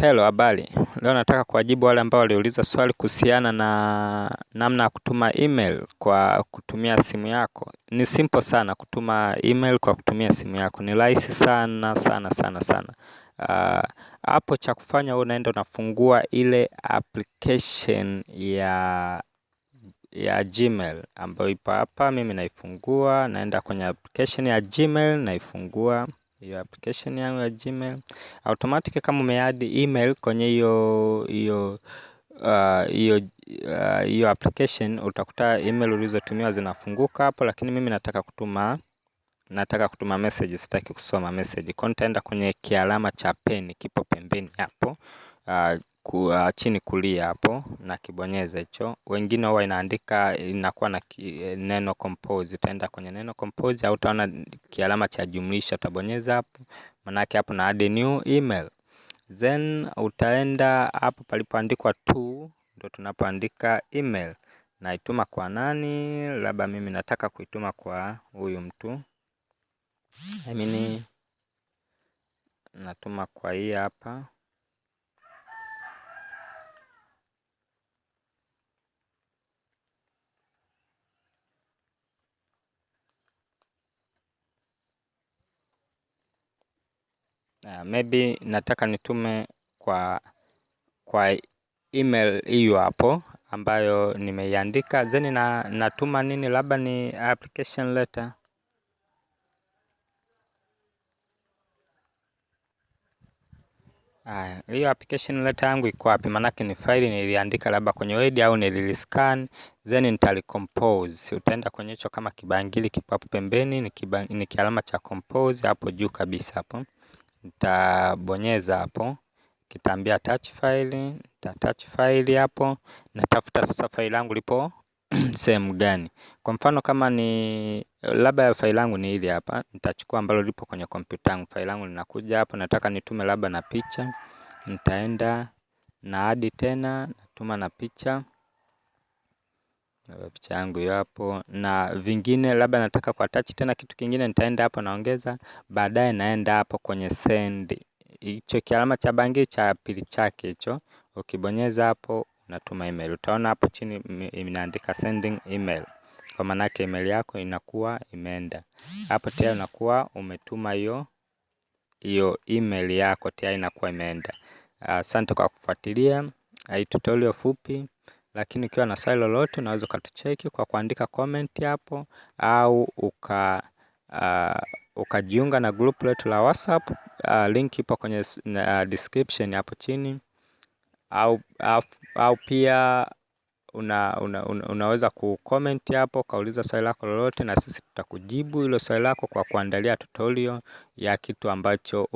Hello habari, leo nataka kuwajibu wale ambao waliuliza swali kuhusiana na namna ya kutuma email kwa kutumia simu yako. Ni simple sana kutuma email kwa kutumia simu yako, ni rahisi sana sana sana sana. Ah, hapo cha kufanya wewe unaenda unafungua ile application ya ya Gmail ambayo ipo hapa, mimi naifungua, naenda kwenye application ya Gmail naifungua hiyo application yangu ya Gmail automatic, kama umeadi email kwenye hiyo hiyo ah, hiyo uh, hiyo uh, application utakuta email ulizotumiwa zinafunguka hapo, lakini mimi nataka kutuma nataka kutuma message, sitaki kusoma message, kwa nitaenda kwenye kialama cha peni kipo pembeni hapo uh, Ah, chini kulia hapo na kibonyeza hicho. Wengine huwa inaandika inakuwa na neno compose, utaenda kwenye neno compose au utaona kialama cha jumlisha, utabonyeza hapo, manake hapo na add new email, then utaenda hapo palipoandikwa to, ndo tunapoandika email. Naituma kwa nani? Labda mimi nataka kuituma kwa huyu mtu I mean natuma kwa hii hapa Uh, maybe nataka nitume kwa kwa email hiyo hapo ambayo nimeiandika, then na, natuma nini, labda ni application letter hiyo uh, application letter yangu iko wapi? Maanake ni faili niliandika labda kwenye Word au nililiscan, then nitalicompose. Utaenda kwenye hicho kama kibangili kipo hapo pembeni, ni kialama cha compose hapo juu kabisa hapo. Nitabonyeza hapo Kitambia touch file nita touch file hapo natafuta sasa file yangu lipo sehemu gani Kwa mfano kama ni labda file yangu ni hili hapa Nitachukua ambalo lipo kwenye kompyuta yangu file yangu linakuja hapo nataka nitume labda na picha Nitaenda na hadi tena natuma na picha picha yangu hiyo hapo na vingine labda nataka kwa touch tena kitu kingine nitaenda hapo naongeza baadaye naenda hapo kwenye send hicho kialama cha bangi cha pili chake hicho ukibonyeza hapo unatuma email utaona hapo chini inaandika sending email kwa maana yake email yako inakuwa imeenda hapo tayari unakuwa umetuma hiyo hiyo email yako tayari inakuwa imeenda asante kwa kufuatilia hii tutorial fupi lakini ukiwa na swali lolote unaweza ukatucheki kwa kuandika comment hapo au uka uh, ukajiunga na group letu la WhatsApp. Uh, link ipo kwenye uh, description hapo chini au, au, au pia una, una, unaweza kucomment hapo ukauliza swali lako lolote, na sisi tutakujibu hilo swali lako kwa kuandalia tutorial ya kitu ambacho